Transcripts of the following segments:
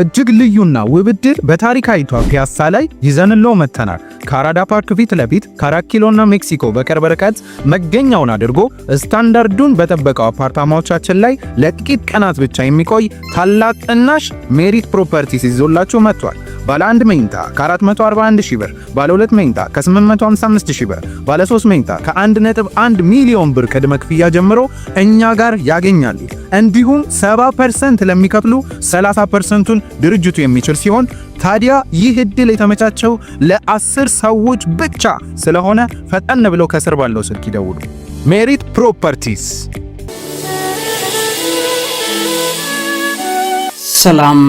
እጅግ ልዩና ውብ ዕድል በታሪካዊቷ ፒያሳ ላይ ይዘንለው መጥተናል። ከአራዳ ፓርክ ፊት ለፊት ከአራት ኪሎና ሜክሲኮ በቅርብ ርቀት መገኛውን አድርጎ ስታንዳርዱን በጠበቀው አፓርታማዎቻችን ላይ ለጥቂት ቀናት ብቻ የሚቆይ ታላቅ ጥናሽ ሜሪት ፕሮፐርቲስ ይዞላችሁ መጥቷል። ባለ 1 መኝታ ከ441 ሺህ ብር፣ ባለ 2 መኝታ ከ855 ሺህ ብር፣ ባለ 3 መኝታ ከ1.1 ሚሊዮን ብር ከቅድመ ክፍያ ጀምሮ እኛ ጋር ያገኛሉ። እንዲሁም 70% ለሚከፍሉ 30%ቱን ድርጅቱ የሚችል ሲሆን ታዲያ ይህ እድል የተመቻቸው ለአስር ሰዎች ብቻ ስለሆነ ፈጠን ብለው ከስር ባለው ስልክ ይደውሉ። ሜሪት ፕሮፐርቲስ ሰላም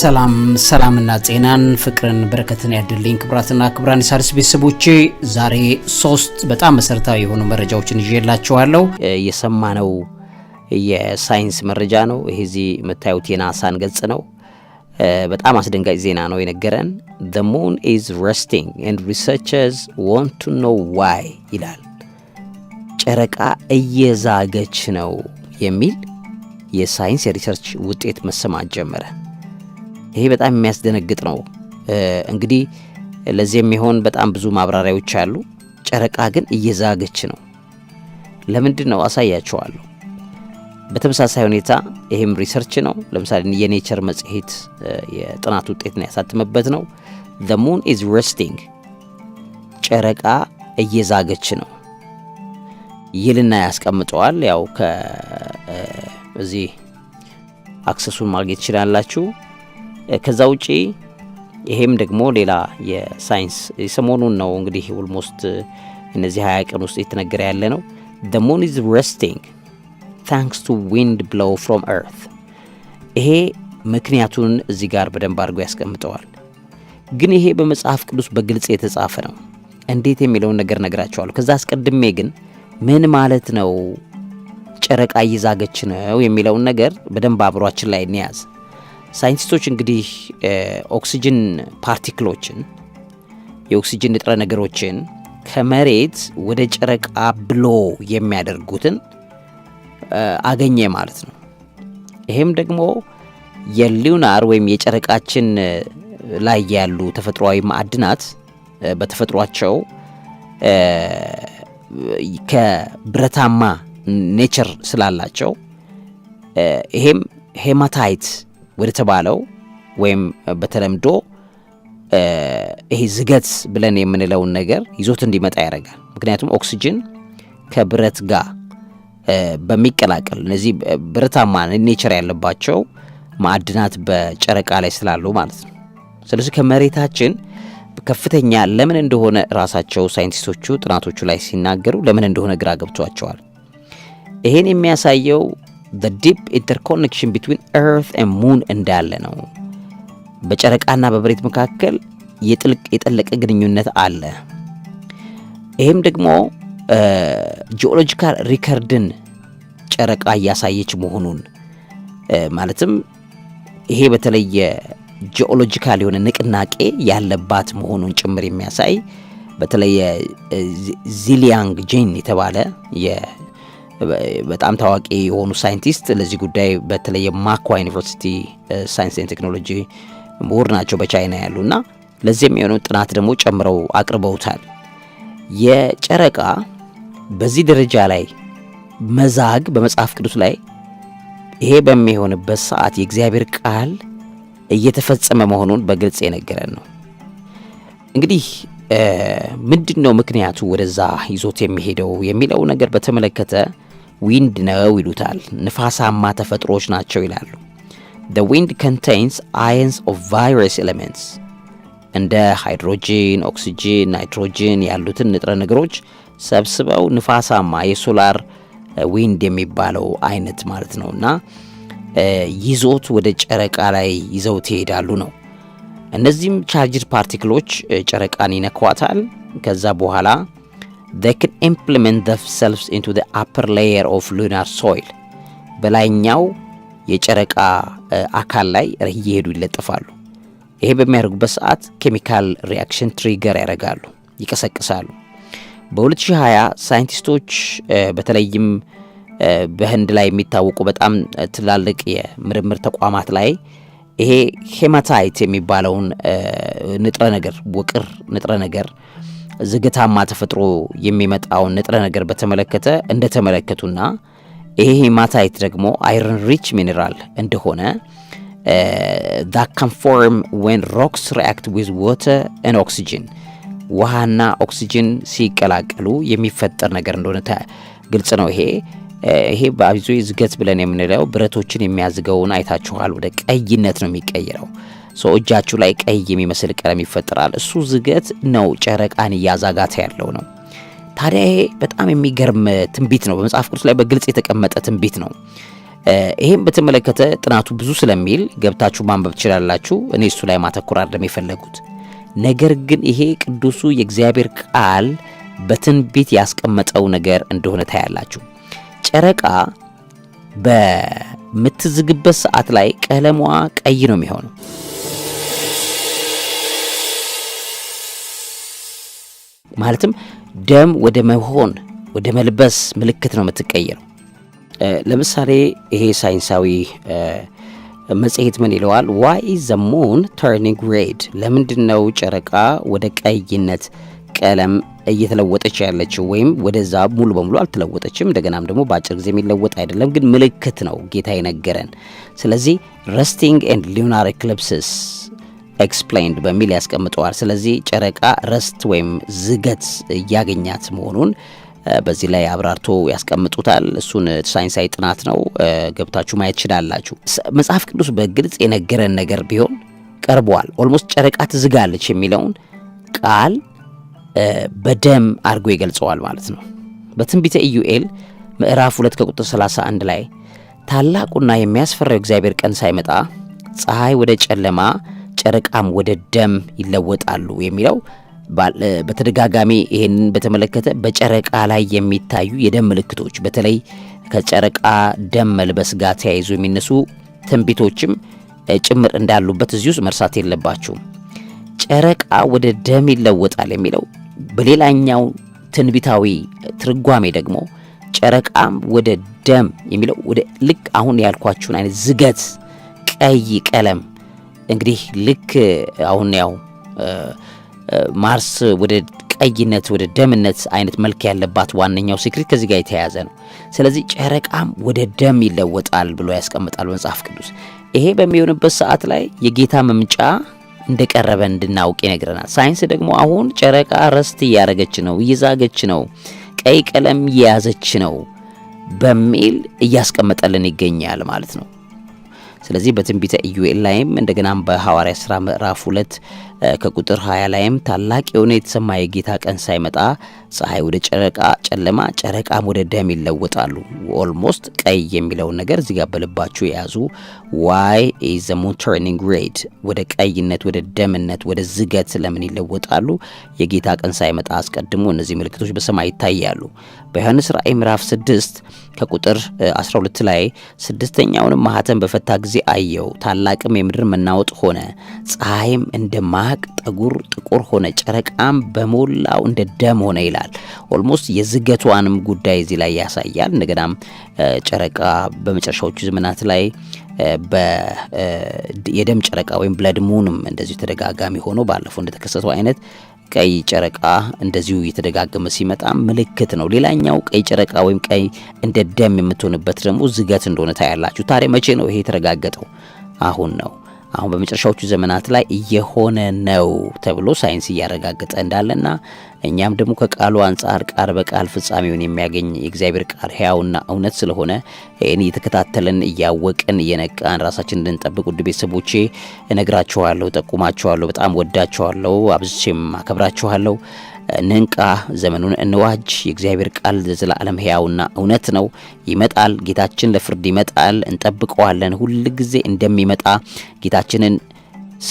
ሰላም ሰላምና ጤናን ፍቅርን በረከትን ያድልኝ። ክብራትና ክብራን የሣድስ ቤተሰቦቼ ዛሬ ሶስት በጣም መሰረታዊ የሆኑ መረጃዎችን ይዤላችኋለሁ። የሰማነው የሳይንስ መረጃ ነው። ይሄ እዚህ የምታዩት የናሳን ገጽ ነው። በጣም አስደንጋጭ ዜና ነው የነገረን። the moon is resting and researchers want to know why ይላል። ጨረቃ እየዛገች ነው የሚል የሳይንስ የሪሰርች ውጤት መሰማት ጀመረ። ይሄ በጣም የሚያስደነግጥ ነው። እንግዲህ ለዚህ የሚሆን በጣም ብዙ ማብራሪያዎች አሉ። ጨረቃ ግን እየዛገች ነው። ለምንድን ነው? አሳያቸዋለሁ። በተመሳሳይ ሁኔታ ይህም ሪሰርች ነው። ለምሳሌ የኔቸር መጽሔት የጥናት ውጤት ነው ነው። ዘ ሙን ኢዝ ሬስቲንግ ጨረቃ እየዛገች ነው ይልና ያስቀምጠዋል ያው በዚህ አክሰሱን ማግኘት ትችላላችሁ። ከዛ ውጪ ይሄም ደግሞ ሌላ የሳይንስ የሰሞኑን ነው እንግዲህ ኦልሞስት እነዚህ ሀያ ቀን ውስጥ የተነገረ ያለ ነው። ዘ ሙን ኢዝ ረስቲንግ ታንክስ ቱ ዊንድ ብሎው ፍሮም ኤርት። ይሄ ምክንያቱን እዚህ ጋር በደንብ አድርጎ ያስቀምጠዋል። ግን ይሄ በመጽሐፍ ቅዱስ በግልጽ የተጻፈ ነው። እንዴት የሚለውን ነገር ነግራቸዋለሁ። ከዛ አስቀድሜ ግን ምን ማለት ነው ጨረቃ እየዛገች ነው የሚለውን ነገር በደንብ አብሯችን ላይ እንያዝ። ሳይንቲስቶች እንግዲህ ኦክሲጅን ፓርቲክሎችን የኦክሲጅን ንጥረ ነገሮችን ከመሬት ወደ ጨረቃ ብሎ የሚያደርጉትን አገኘ ማለት ነው። ይሄም ደግሞ የሉናር ወይም የጨረቃችን ላይ ያሉ ተፈጥሯዊ ማዕድናት በተፈጥሯቸው ከብረታማ ኔቸር ስላላቸው ይሄም ሄማታይት ወደ ተባለው ወይም በተለምዶ ይሄ ዝገት ብለን የምንለውን ነገር ይዞት እንዲመጣ ያደርጋል። ምክንያቱም ኦክሲጅን ከብረት ጋር በሚቀላቀል እነዚህ ብረታማ ኔቸር ያለባቸው ማዕድናት በጨረቃ ላይ ስላሉ ማለት ነው። ስለዚህ ከመሬታችን ከፍተኛ ለምን እንደሆነ ራሳቸው ሳይንቲስቶቹ ጥናቶቹ ላይ ሲናገሩ ለምን እንደሆነ ግራ ገብቷቸዋል። ይሄን የሚያሳየው ዘ ዲፕ ኢንተርኮኔክሽን ቢትዊን ኤርት ኤንድ ሙን እንዳለ ነው። በጨረቃና በመሬት መካከል የጥልቅ የጠለቀ ግንኙነት አለ። ይህም ደግሞ ጂኦሎጂካል ሪከርድን ጨረቃ እያሳየች መሆኑን ማለትም ይሄ በተለየ ጂኦሎጂካል የሆነ ንቅናቄ ያለባት መሆኑን ጭምር የሚያሳይ በተለየ ዚሊያንግ ጄን የተባለ በጣም ታዋቂ የሆኑ ሳይንቲስት ለዚህ ጉዳይ በተለየ ማኳ ዩኒቨርሲቲ ን ቴክኖሎጂ ምሁር ናቸው በቻይና ያሉ እና ለዚህ የሚሆኑ ጥናት ደግሞ ጨምረው አቅርበውታል። የጨረቃ በዚህ ደረጃ ላይ መዛግ በመጽሐፍ ቅዱስ ላይ ይሄ በሚሆንበት ሰዓት የእግዚአብሔር ቃል እየተፈጸመ መሆኑን በግልጽ የነገረን ነው። እንግዲህ ምንድን ነው ምክንያቱ ወደዛ ይዞት የሚሄደው የሚለው ነገር በተመለከተ ዊንድ ነው ይሉታል። ንፋሳማ ተፈጥሮዎች ናቸው ይላሉ። the wind contains ions of various elements እንደ ሃይድሮጂን፣ ኦክሲጂን፣ ናይትሮጂን ያሉትን ንጥረ ነገሮች ሰብስበው ንፋሳማ የሶላር ዊንድ የሚባለው አይነት ማለት ነው እና ይዞት ወደ ጨረቃ ላይ ይዘውት ይሄዳሉ ነው። እነዚህም ቻርጅድ ፓርቲክሎች ጨረቃን ይነኳታል። ከዛ በኋላ they can implement themselves into the upper layer of lunar soil በላይኛው የጨረቃ አካል ላይ እየሄዱ ይለጠፋሉ። ይሄ በሚያደርጉበት ሰዓት ኬሚካል ሪያክሽን ትሪገር ያደርጋሉ፣ ይቀሰቅሳሉ። በ2020 ሳይንቲስቶች በተለይም በህንድ ላይ የሚታወቁ በጣም ትላልቅ የምርምር ተቋማት ላይ ይሄ ሄማታይት የሚባለውን ንጥረ ነገር ውቅር ንጥረ ነገር ዝግታማ ተፈጥሮ የሚመጣውን ንጥረ ነገር በተመለከተ እንደተመለከቱና ይሄ ሄማታይት ደግሞ አይረን ሪች ሚኔራል እንደሆነ ዛት ካን ፎርም ዌን ሮክስ ሪአክት ዊዝ ወተር ን ኦክሲጅን ውሃና ኦክሲጅን ሲቀላቀሉ የሚፈጠር ነገር እንደሆነ ግልጽ ነው። ይሄ ይሄ በአብዙ ዝገት ብለን የምንለው ብረቶችን የሚያዝገውን አይታችኋል። ወደ ቀይነት ነው የሚቀይረው። ሰው እጃችሁ ላይ ቀይ የሚመስል ቀለም ይፈጠራል። እሱ ዝገት ነው፣ ጨረቃን እያዛጋተ ያለው ነው። ታዲያ ይሄ በጣም የሚገርም ትንቢት ነው። በመጽሐፍ ቅዱስ ላይ በግልጽ የተቀመጠ ትንቢት ነው። ይህም በተመለከተ ጥናቱ ብዙ ስለሚል ገብታችሁ ማንበብ ትችላላችሁ። እኔ እሱ ላይ ማተኮር አይደለም የፈለጉት። ነገር ግን ይሄ ቅዱሱ የእግዚአብሔር ቃል በትንቢት ያስቀመጠው ነገር እንደሆነ ታያላችሁ። ጨረቃ በምትዝግበት ሰዓት ላይ ቀለሟ ቀይ ነው የሚሆነው። ማለትም ደም ወደ መሆን ወደ መልበስ ምልክት ነው የምትቀየረው። ለምሳሌ ይሄ ሳይንሳዊ መጽሔት ምን ይለዋል? ዋይ ኢዝ ዘ ሙን ተርኒንግ ሬድ፣ ለምንድን ነው ጨረቃ ወደ ቀይነት ቀለም እየተለወጠች ያለችው? ወይም ወደዛ ሙሉ በሙሉ አልተለወጠችም። እንደገናም ደግሞ በአጭር ጊዜ የሚለወጥ አይደለም፣ ግን ምልክት ነው ጌታ የነገረን። ስለዚህ ረስቲንግ ኤንድ ሉናር ኤክሊፕስስ ኤክስፕሌንድ በሚል ያስቀምጠዋል። ስለዚህ ጨረቃ ረስት ወይም ዝገት እያገኛት መሆኑን በዚህ ላይ አብራርቶ ያስቀምጡታል። እሱን ሳይንሳዊ ጥናት ነው፣ ገብታችሁ ማየት ትችላላችሁ። መጽሐፍ ቅዱስ በግልጽ የነገረን ነገር ቢሆን ቀርቧል። ኦልሞስት ጨረቃ ትዝጋለች የሚለውን ቃል በደም አድርጎ ይገልጸዋል ማለት ነው። በትንቢተ ኢዩኤል ምዕራፍ 2 ከቁጥር 31 ላይ ታላቁና የሚያስፈራው እግዚአብሔር ቀን ሳይመጣ ፀሐይ ወደ ጨለማ ጨረቃም ወደ ደም ይለወጣሉ የሚለው በተደጋጋሚ ይህን በተመለከተ በጨረቃ ላይ የሚታዩ የደም ምልክቶች በተለይ ከጨረቃ ደም መልበስ ጋር ተያይዞ የሚነሱ ትንቢቶችም ጭምር እንዳሉበት እዚህ ውስጥ መርሳት የለባቸውም። ጨረቃ ወደ ደም ይለወጣል የሚለው በሌላኛው ትንቢታዊ ትርጓሜ ደግሞ ጨረቃም ወደ ደም የሚለው ወደ ልክ አሁን ያልኳችሁን አይነት ዝገት ቀይ ቀለም እንግዲህ ልክ አሁን ያው ማርስ ወደ ቀይነት ወደ ደምነት አይነት መልክ ያለባት ዋነኛው ሲክሪት ከዚህ ጋር የተያያዘ ነው። ስለዚህ ጨረቃም ወደ ደም ይለወጣል ብሎ ያስቀምጣል መጽሐፍ ቅዱስ። ይሄ በሚሆንበት ሰዓት ላይ የጌታ መምጫ እንደቀረበ እንድናውቅ ይነግረናል። ሳይንስ ደግሞ አሁን ጨረቃ ረስት እያደረገች ነው፣ እየዛገች ነው፣ ቀይ ቀለም እየያዘች ነው በሚል እያስቀመጠልን ይገኛል ማለት ነው። ስለዚህ በትንቢተ ኢዩኤል ላይም እንደገናም በሐዋርያ ሥራ ምዕራፍ 2 ከቁጥር 20 ላይም ታላቅ የሆነ የተሰማ የጌታ ቀን ሳይመጣ ፀሐይ ወደ ጨረቃ ጨለማ፣ ጨረቃም ወደ ደም ይለወጣሉ። ኦልሞስት ቀይ የሚለውን ነገር እዚጋ በልባችሁ የያዙ ዋይ ኢዝ ሙን ተርኒንግ ሬድ፣ ወደ ቀይነት፣ ወደ ደምነት፣ ወደ ዝገት ለምን ይለወጣሉ? የጌታ ቀን ሳይመጣ አስቀድሞ እነዚህ ምልክቶች በሰማይ ይታያሉ። በዮሐንስ ራእይ ምዕራፍ 6 ከቁጥር 12 ላይ ስድስተኛውንም ማህተም በፈታ ጊዜ አየው፣ ታላቅም የምድር መናወጥ ሆነ፣ ፀሐይም እንደ ማቅ ጠጉር ጥቁር ሆነ፣ ጨረቃም በሞላው እንደ ደም ሆነ ይላል። ይላል። ኦልሞስት የዝገቷንም ጉዳይ እዚህ ላይ ያሳያል። እንደገናም ጨረቃ በመጨረሻዎቹ ዘመናት ላይ የደም ጨረቃ ወይም ብለድ ሙንም እንደዚሁ ተደጋጋሚ ሆኖ ባለፈው እንደተከሰተው አይነት ቀይ ጨረቃ እንደዚሁ እየተደጋገመ ሲመጣ ምልክት ነው። ሌላኛው ቀይ ጨረቃ ወይም ቀይ እንደ ደም የምትሆንበት ደግሞ ዝገት እንደሆነ ታያላችሁ። ታዲያ መቼ ነው ይሄ የተረጋገጠው? አሁን ነው። አሁን በመጨረሻዎቹ ዘመናት ላይ እየሆነ ነው ተብሎ ሳይንስ እያረጋገጠ እንዳለና እኛም ደግሞ ከቃሉ አንጻር ቃል በቃል ፍጻሜውን የሚያገኝ የእግዚአብሔር ቃል ሕያውና እውነት ስለሆነ ይህን እየተከታተልን እያወቅን እየነቃን ራሳችን እንድንጠብቅ ውድ ቤተሰቦቼ እነግራችኋለሁ፣ ጠቁማችኋለሁ። በጣም ወዳችኋለሁ፣ አብዝቼም አከብራችኋለሁ። ንንቃ፣ ዘመኑን እንዋጅ። የእግዚአብሔር ቃል ለዘላለም ሕያውና እውነት ነው። ይመጣል፣ ጌታችን ለፍርድ ይመጣል። እንጠብቀዋለን። ሁልጊዜ እንደሚመጣ ጌታችንን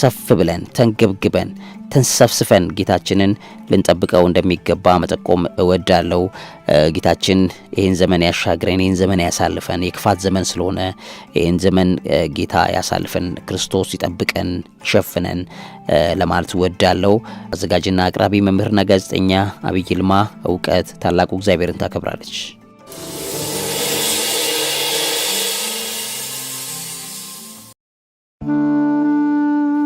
ሰፍ ብለን ተንገብግበን ተንሰፍስፈን ጌታችንን ልንጠብቀው እንደሚገባ መጠቆም እወዳለው ጌታችን ይህን ዘመን ያሻግረን፣ ይህን ዘመን ያሳልፈን። የክፋት ዘመን ስለሆነ ይህን ዘመን ጌታ ያሳልፈን፣ ክርስቶስ ይጠብቀን፣ ይሸፍነን ለማለት እወዳለው። አዘጋጅና አቅራቢ መምህርና ጋዜጠኛ አብይ ይልማ። እውቀት ታላቁ እግዚአብሔርን ታከብራለች።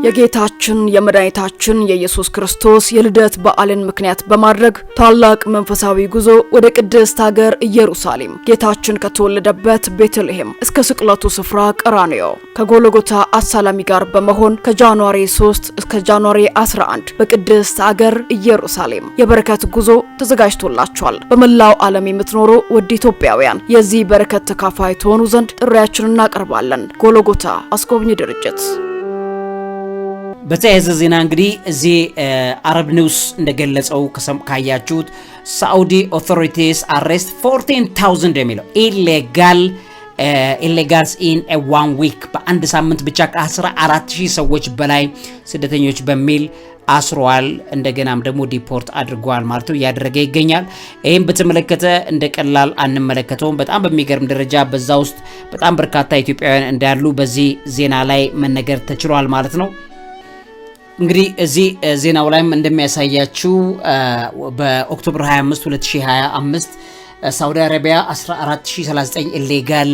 የጌታችን የመድኃኒታችን የኢየሱስ ክርስቶስ የልደት በዓልን ምክንያት በማድረግ ታላቅ መንፈሳዊ ጉዞ ወደ ቅድስት ሀገር ኢየሩሳሌም ጌታችን ከተወለደበት ቤተልሔም እስከ ስቅለቱ ስፍራ ቀራንዮ ከጎልጎታ አሳላሚ ጋር በመሆን ከጃንዋሪ 3 እስከ ጃንዋሪ 11 በቅድስት አገር ኢየሩሳሌም የበረከት ጉዞ ተዘጋጅቶላችኋል። በመላው ዓለም የምትኖሩ ውድ ኢትዮጵያውያን የዚህ በረከት ተካፋይ ትሆኑ ዘንድ ጥሪያችንን እናቀርባለን። ጎሎጎታ አስጎብኝ ድርጅት በተያያዘ ዜና እንግዲህ እዚህ አረብ ኒውስ እንደገለጸው ካያችሁት ሳዑዲ ኦቶሪቲስ አሬስት 14000 የሚለው ኢሌጋል ኢሌጋልስ ኢን ዋን ዊክ በአንድ ሳምንት ብቻ ከ14000 ሰዎች በላይ ስደተኞች በሚል አስሯል። እንደገናም ደግሞ ዲፖርት አድርጓል ማለት ነው እያደረገ ይገኛል። ይህም በተመለከተ እንደ ቀላል አንመለከተውም። በጣም በሚገርም ደረጃ በዛ ውስጥ በጣም በርካታ ኢትዮጵያውያን እንዳሉ በዚህ ዜና ላይ መነገር ተችሏል ማለት ነው። እንግዲህ እዚህ ዜናው ላይም እንደሚያሳያችው በኦክቶበር 25 2025 ሳውዲ አረቢያ 1439 ኢሌጋል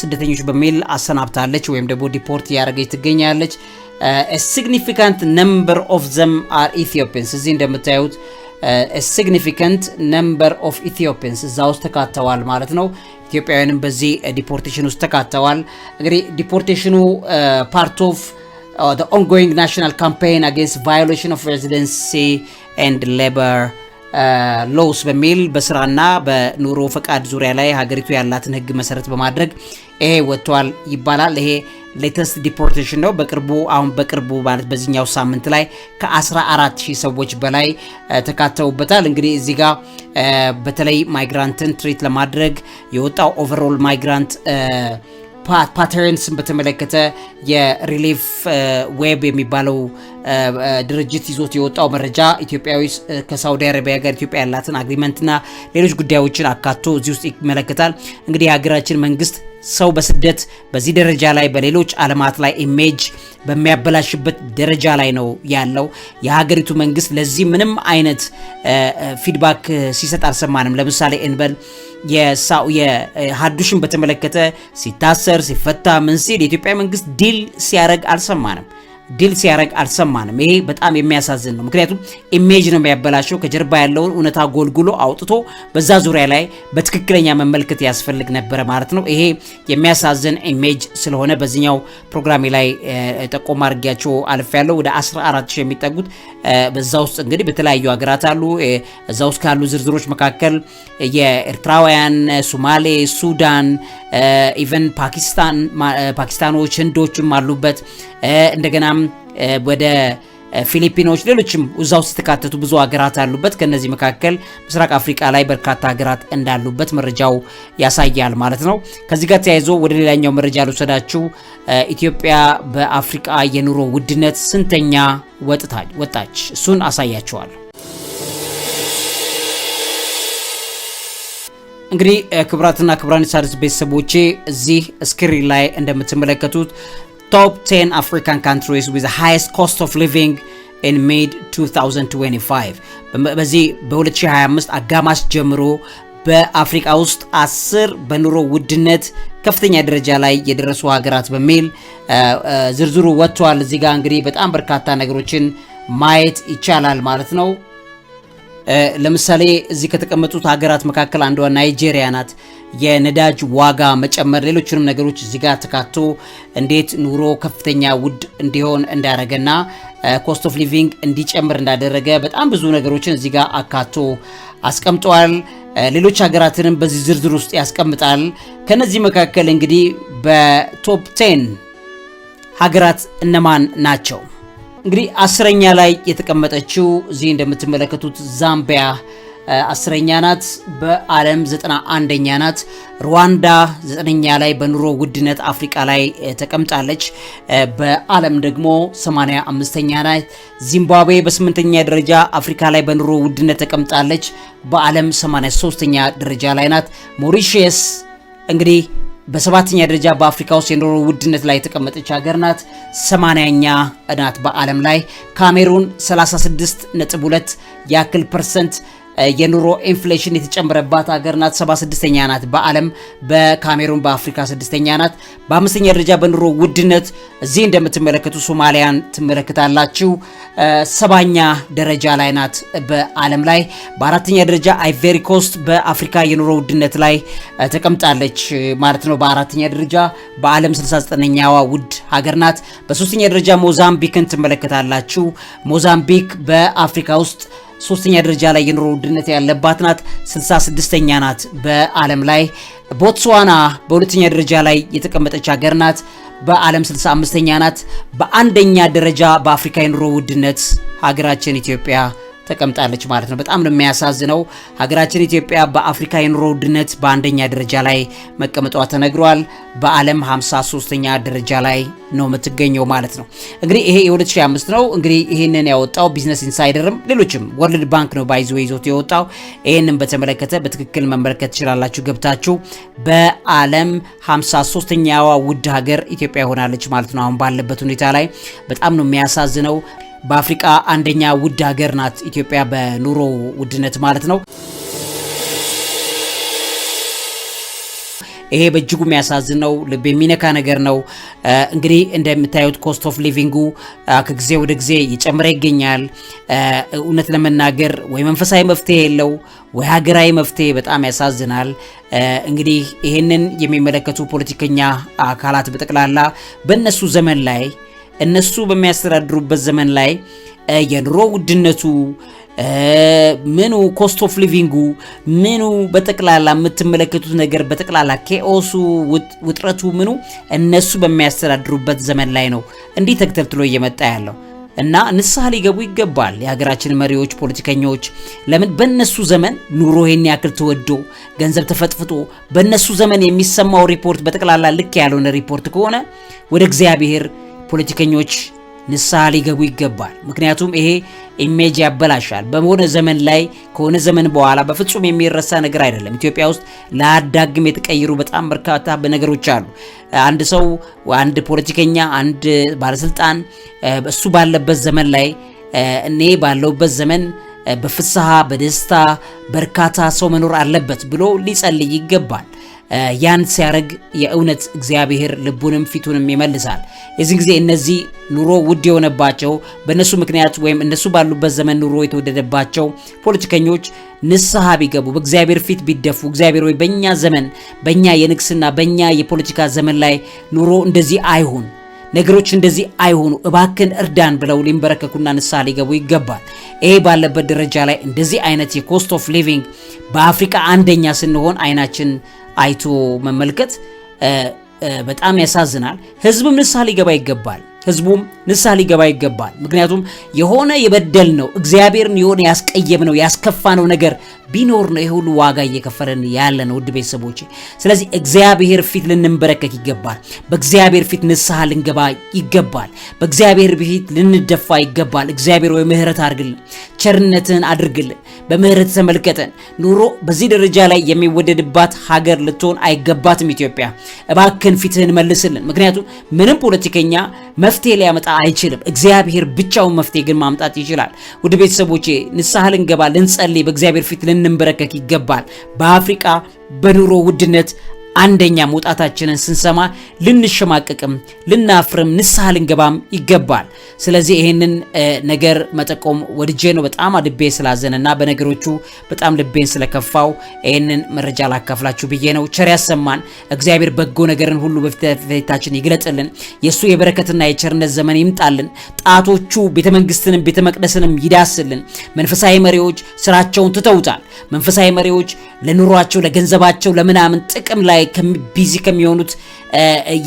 ስደተኞች በሚል አሰናብታለች ወይም ደግሞ ዲፖርት እያደረገች ትገኛለች። ሲግኒፊካንት ነምበር ኦፍ ዘም አር ኢትዮጵያንስ እዚህ እንደምታዩት ሲግኒፊካንት ነምበር ኦፍ ኢትዮጵያንስ እዛ ውስጥ ተካተዋል ማለት ነው። ኢትዮጵያውያንም በዚህ ዲፖርቴሽን ውስጥ ተካተዋል። እንግዲህ ዲፖርቴሽኑ ፓርት ኦፍ uh, the ongoing national campaign against violation of residency and labor ሎውስ uh, በሚል በስራና በኑሮ ፈቃድ ዙሪያ ላይ ሀገሪቱ ያላትን ህግ መሰረት በማድረግ ይሄ ወጥቷል ይባላል። ይሄ ሌተስት ዲፖርቴሽን ነው። በቅርቡ አሁን በቅርቡ ማለት በዚህኛው ሳምንት ላይ ከ14 ሺህ ሰዎች በላይ uh, ተካተውበታል። እንግዲህ እዚህ ጋር uh, በተለይ ማይግራንትን ትሪት ለማድረግ የወጣው ኦቨርኦል ማይግራንት ፓተርንስን በተመለከተ የሪሊፍ ዌብ uh, የሚባለው uh, uh, ድርጅት ይዞት የወጣው መረጃ ኢትዮጵያዊ ከሳውዲ አረቢያ ጋር ኢትዮጵያ ያላትን አግሪመንትና ሌሎች ጉዳዮችን አካቶ እዚህ ውስጥ ይመለከታል። እንግዲህ የሀገራችን መንግስት ሰው በስደት በዚህ ደረጃ ላይ በሌሎች አለማት ላይ ኢሜጅ በሚያበላሽበት ደረጃ ላይ ነው ያለው። የሀገሪቱ መንግስት ለዚህ ምንም አይነት ፊድባክ ሲሰጥ አልሰማንም። ለምሳሌ እንበል የሀዱሽን በተመለከተ ሲታሰር ሲፈታ ምን ሲል የኢትዮጵያ መንግስት ዲል ሲያደርግ አልሰማንም። ድል ሲያደርግ አልሰማንም። ይሄ በጣም የሚያሳዝን ነው። ምክንያቱም ኢሜጅ ነው የሚያበላሸው። ከጀርባ ያለውን እውነታ ጎልጉሎ አውጥቶ በዛ ዙሪያ ላይ በትክክለኛ መመልከት ያስፈልግ ነበረ ማለት ነው። ይሄ የሚያሳዝን ኢሜጅ ስለሆነ በዚኛው ፕሮግራሜ ላይ ጠቆም አድርጊያቸው አልፍ ያለው ወደ 14 ሺህ የሚጠጉት በዛ ውስጥ እንግዲህ በተለያዩ ሀገራት አሉ። እዛ ውስጥ ካሉ ዝርዝሮች መካከል የኤርትራውያን፣ ሱማሌ፣ ሱዳን፣ ኢቨን ፓኪስታን ፓኪስታኖች፣ ህንዶችም አሉበት እንደገናም ወደ ፊሊፒኖች፣ ሌሎችም እዛ ውስጥ የተካተቱ ብዙ ሀገራት አሉበት። ከነዚህ መካከል ምስራቅ አፍሪካ ላይ በርካታ ሀገራት እንዳሉበት መረጃው ያሳያል ማለት ነው። ከዚህ ጋር ተያይዞ ወደ ሌላኛው መረጃ ልውሰዳችሁ። ኢትዮጵያ በአፍሪካ የኑሮ ውድነት ስንተኛ ወጣች? እሱን አሳያችኋለሁ። እንግዲህ ክብራትና ክብራን ሣድስ ቤተሰቦቼ እዚህ ስክሪን ላይ እንደምትመለከቱት top 10 African countries with the highest cost of living in ሜድ 2025 በዚህ በ2025 አጋማሽ ጀምሮ በአፍሪካ ውስጥ አስር በኑሮ ውድነት ከፍተኛ ደረጃ ላይ የደረሱ ሀገራት በሚል ዝርዝሩ ወጥቷል። እዚህ ጋር እንግዲህ በጣም በርካታ ነገሮችን ማየት ይቻላል ማለት ነው። ለምሳሌ እዚህ ከተቀመጡት ሀገራት መካከል አንዷ ናይጄሪያ ናት። የነዳጅ ዋጋ መጨመር፣ ሌሎችንም ነገሮች እዚህ ጋር ተካቶ እንዴት ኑሮ ከፍተኛ ውድ እንዲሆን እንዳደረገና ኮስት ኦፍ ሊቪንግ እንዲጨምር እንዳደረገ በጣም ብዙ ነገሮችን እዚህ ጋር አካቶ አስቀምጠዋል። ሌሎች ሀገራትንም በዚህ ዝርዝር ውስጥ ያስቀምጣል። ከነዚህ መካከል እንግዲህ በቶፕ ቴን ሀገራት እነማን ናቸው? እንግዲህ አስረኛ ላይ የተቀመጠችው እዚህ እንደምትመለከቱት ዛምቢያ አስረኛ ናት። በዓለም ዘጠና አንደኛ ናት። ሩዋንዳ ዘጠነኛ ላይ በኑሮ ውድነት አፍሪካ ላይ ተቀምጣለች። በአለም ደግሞ 85ኛ ናት። ዚምባብዌ በስምንተኛ ደረጃ አፍሪካ ላይ በኑሮ ውድነት ተቀምጣለች። በአለም 83ኛ ደረጃ ላይ ናት። ሞሪሽስ እንግዲህ በሰባተኛ ደረጃ በአፍሪካ ውስጥ የኑሮ ውድነት ላይ የተቀመጠች ሀገር ናት። 80 80ኛ ናት በዓለም ላይ ካሜሩን 36.2 ያክል ፐርሰንት የኑሮ ኢንፍሌሽን የተጨመረባት ሀገር ናት። 76ኛ ናት በዓለም በካሜሩን በአፍሪካ ስድስተኛ ናት። በአምስተኛ ደረጃ በኑሮ ውድነት እዚህ እንደምትመለከቱ ሶማሊያን ትመለከታላችሁ። ሰባኛ ደረጃ ላይ ናት በዓለም ላይ። በአራተኛ ደረጃ አይቬሪ ኮስት በአፍሪካ የኑሮ ውድነት ላይ ተቀምጣለች ማለት ነው። በአራተኛ ደረጃ በዓለም 69ኛዋ ውድ ሀገር ናት። በሶስተኛ ደረጃ ሞዛምቢክን ትመለከታላችሁ። ሞዛምቢክ በአፍሪካ ውስጥ ሶስተኛ ደረጃ ላይ የኑሮ ውድነት ያለባት ናት። 66ኛ ናት በዓለም ላይ። ቦትስዋና በሁለተኛ ደረጃ ላይ የተቀመጠች ሀገር ናት። በዓለም 65ኛ ናት። በአንደኛ ደረጃ በአፍሪካ የኑሮ ውድነት ሀገራችን ኢትዮጵያ ተቀምጣለች ማለት ነው። በጣም ነው የሚያሳዝነው። ሀገራችን ኢትዮጵያ በአፍሪካ የኑሮ ውድነት በአንደኛ ደረጃ ላይ መቀመጧ ተነግሯል። በዓለም 53ኛ ደረጃ ላይ ነው የምትገኘው ማለት ነው። እንግዲህ ይሄ የ2005 ነው። እንግዲህ ይህንን ያወጣው ቢዝነስ ኢንሳይደርም ሌሎችም ወርልድ ባንክ ነው ባይዞ ይዞት የወጣው። ይህንን በተመለከተ በትክክል መመለከት ትችላላችሁ ገብታችሁ። በዓለም 53ኛዋ ውድ ሀገር ኢትዮጵያ ይሆናለች ማለት ነው አሁን ባለበት ሁኔታ ላይ በጣም ነው የሚያሳዝነው። በአፍሪቃ አንደኛ ውድ ሀገር ናት ኢትዮጵያ በኑሮ ውድነት ማለት ነው። ይሄ በእጅጉ የሚያሳዝን ነው፣ ልብ የሚነካ ነገር ነው። እንግዲህ እንደምታዩት ኮስት ኦፍ ሊቪንጉ ከጊዜ ወደ ጊዜ እየጨመረ ይገኛል። እውነት ለመናገር ወይ መንፈሳዊ መፍትሄ የለው ወይ ሀገራዊ መፍትሄ፣ በጣም ያሳዝናል። እንግዲህ ይህንን የሚመለከቱ ፖለቲከኛ አካላት በጠቅላላ በእነሱ ዘመን ላይ እነሱ በሚያስተዳድሩበት ዘመን ላይ የኑሮ ውድነቱ ምኑ ኮስት ኦፍ ሊቪንጉ ምኑ በጠቅላላ የምትመለከቱት ነገር በጠቅላላ ኬኦሱ ውጥረቱ ምኑ እነሱ በሚያስተዳድሩበት ዘመን ላይ ነው እንዲህ ተከታትሎ እየመጣ ያለው እና ንስሐ ሊገቡ ይገባል። የሀገራችን መሪዎች፣ ፖለቲከኞች ለምን በእነሱ ዘመን ኑሮ ይህን ያክል ተወዶ ገንዘብ ተፈጥፍጦ በእነሱ ዘመን የሚሰማው ሪፖርት በጠቅላላ ልክ ያልሆነ ሪፖርት ከሆነ ወደ እግዚአብሔር ፖለቲከኞች ንስሐ ሊገቡ ይገባል። ምክንያቱም ይሄ ኢሜጅ ያበላሻል። በሆነ ዘመን ላይ ከሆነ ዘመን በኋላ በፍጹም የሚረሳ ነገር አይደለም። ኢትዮጵያ ውስጥ ለአዳግም የተቀየሩ በጣም በርካታ ነገሮች አሉ። አንድ ሰው፣ አንድ ፖለቲከኛ፣ አንድ ባለስልጣን እሱ ባለበት ዘመን ላይ እኔ ባለውበት ዘመን በፍስሐ በደስታ በርካታ ሰው መኖር አለበት ብሎ ሊጸልይ ይገባል። ያን ሲያደርግ የእውነት እግዚአብሔር ልቡንም ፊቱንም ይመልሳል። የዚህ ጊዜ እነዚህ ኑሮ ውድ የሆነባቸው በእነሱ ምክንያት ወይም እነሱ ባሉበት ዘመን ኑሮ የተወደደባቸው ፖለቲከኞች ንስሐ ቢገቡ በእግዚአብሔር ፊት ቢደፉ እግዚአብሔር ወይ በእኛ ዘመን በእኛ የንግስና በእኛ የፖለቲካ ዘመን ላይ ኑሮ እንደዚህ አይሁን ነገሮች እንደዚህ አይሆኑ እባክን እርዳን ብለው ሊንበረከኩና ንስሐ ሊገቡ ይገባል። ይሄ ባለበት ደረጃ ላይ እንደዚህ አይነት የኮስት ኦፍ ሊቪንግ በአፍሪካ አንደኛ ስንሆን አይናችን አይቶ መመልከት በጣም ያሳዝናል። ህዝብም ንስሐ ሊገባ ይገባል። ህዝቡም ንስሐ ሊገባ ይገባል። ምክንያቱም የሆነ የበደል ነው እግዚአብሔርን የሆነ ያስቀየም ነው ያስከፋ ነው ነገር ቢኖር ነው ይህ ሁሉ ዋጋ እየከፈለን ያለ ነው ውድ ቤተሰቦች። ስለዚህ እግዚአብሔር ፊት ልንንበረከክ ይገባል። በእግዚአብሔር ፊት ንስሐ ልንገባ ይገባል። በእግዚአብሔር ፊት ልንደፋ ይገባል። እግዚአብሔር ወይ ምህረት አድርግልን፣ ቸርነትን አድርግልን፣ በምህረት ተመልከተን። ኑሮ በዚህ ደረጃ ላይ የሚወደድባት ሀገር ልትሆን አይገባትም ኢትዮጵያ። እባክን ፊትህን መልስልን። ምክንያቱም ምንም ፖለቲከኛ መፍትሄ ሊያመጣ አይችልም። እግዚአብሔር ብቻውን መፍትሄ ግን ማምጣት ይችላል። ውድ ቤተሰቦቼ ንስሐ ልንገባ፣ ልንጸልይ፣ በእግዚአብሔር ፊት ልንንበረከክ ይገባል። በአፍሪቃ በኑሮ ውድነት አንደኛ መውጣታችንን ስንሰማ ልንሸማቀቅም ልናፍርም ንስሐ ልንገባም ይገባል። ስለዚህ ይህንን ነገር መጠቆም ወድጄ ነው። በጣም ልቤ ስላዘነና በነገሮቹ በጣም ልቤን ስለከፋው ይህንን መረጃ ላካፍላችሁ ብዬ ነው። ቸር ያሰማን። እግዚአብሔር በጎ ነገርን ሁሉ በፊታችን ይግለጥልን። የእሱ የበረከትና የቸርነት ዘመን ይምጣልን። ጣቶቹ ቤተ መንግስትንም ቤተ መቅደስንም ይዳስልን። መንፈሳዊ መሪዎች ስራቸውን ትተውታል። መንፈሳዊ መሪዎች ለኑሯቸው፣ ለገንዘባቸው፣ ለምናምን ጥቅም ላይ ላይ ቢዚ ከሚሆኑት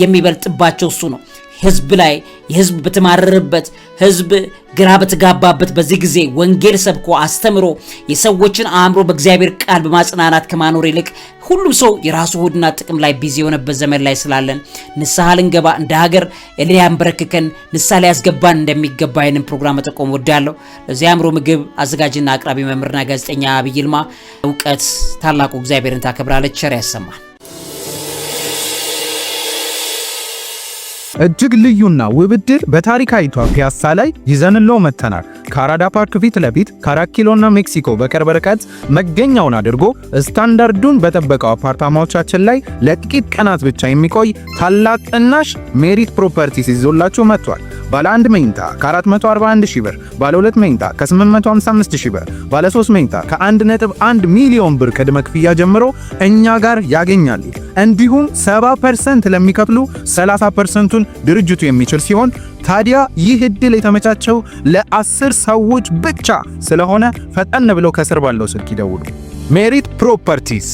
የሚበልጥባቸው እሱ ነው። ህዝብ ላይ የህዝብ በተማረረበት ህዝብ ግራ በተጋባበት በዚህ ጊዜ ወንጌል ሰብኮ አስተምሮ የሰዎችን አእምሮ በእግዚአብሔር ቃል በማጽናናት ከማኖር ይልቅ ሁሉም ሰው የራሱ ሆድና ጥቅም ላይ ቢዚ የሆነበት ዘመን ላይ ስላለን ንስሐ ልንገባ እንደ ሀገር ሊያንበረክከን ንስሐ ሊያስገባን እንደሚገባ ይህንን ፕሮግራም መጠቆም ወዳለሁ። ለዚህ አእምሮ ምግብ አዘጋጅና አቅራቢ መምህርና ጋዜጠኛ አብይ ይልማ እውቀት ታላቁ እግዚአብሔርን ታከብራለች። ቸር ያሰማል። እጅግ ልዩና ውብድር ዕድል በታሪካዊቷ ፒያሳ ላይ ይዘንሎ መጥተናል። ከአራዳ ፓርክ ፊት ለፊት ከአራት ኪሎና ሜክሲኮ በቅርብ ርቀት መገኛውን አድርጎ ስታንዳርዱን በጠበቀው አፓርታማዎቻችን ላይ ለጥቂት ቀናት ብቻ የሚቆይ ታላቅ ቅናሽ ሜሪት ፕሮፐርቲስ ይዞላችሁ መጥቷል። ባለ 1 መኝታ ከ441 ሺህ ብር፣ ባለ 2 መኝታ ከ855 ሺህ ብር፣ ባለ 3 መኝታ ከ1.1 ሚሊዮን ብር ቅድመ ክፍያ ጀምሮ እኛ ጋር ያገኛሉ። እንዲሁም 70% ለሚከፍሉ 30%ቱን ድርጅቱ የሚችል ሲሆን ታዲያ ይህ እድል የተመቻቸው ለአስር ሰዎች ብቻ ስለሆነ ፈጠን ብለው ከስር ባለው ስልክ ይደውሉ። ሜሪት ፕሮፐርቲስ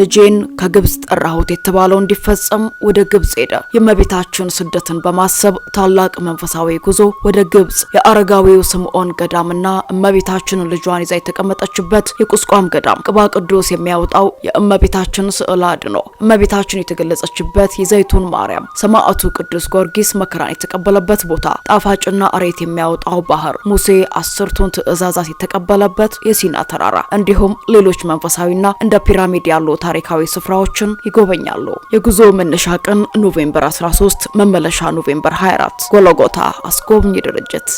ልጄን ከግብጽ ጠራሁት የተባለው እንዲፈጸም ወደ ግብጽ ሄደ። የእመቤታችን ስደትን በማሰብ ታላቅ መንፈሳዊ ጉዞ ወደ ግብጽ። የአረጋዊው ስምዖን ገዳምና እመቤታችን ልጇን ይዛ የተቀመጠችበት የቁስቋም ገዳም ቅባ ቅዱስ የሚያወጣው የእመቤታችን ስዕል አድኖ እመቤታችን የተገለጸችበት የዘይቱን ማርያም ሰማዕቱ ቅዱስ ጊዮርጊስ መከራን የተቀበለበት ቦታ ጣፋጭና እሬት የሚያወጣው ባህር ሙሴ አስርቱን ትእዛዛት የተቀበለበት የሲና ተራራ እንዲሁም ሌሎች መንፈሳዊና እንደ ፒራሚድ ያሉ ታሪካዊ ስፍራዎችን ይጎበኛሉ። የጉዞ መነሻ ቀን ኖቬምበር 13፣ መመለሻ ኖቬምበር 24። ጎሎጎታ አስጎብኝ ድርጅት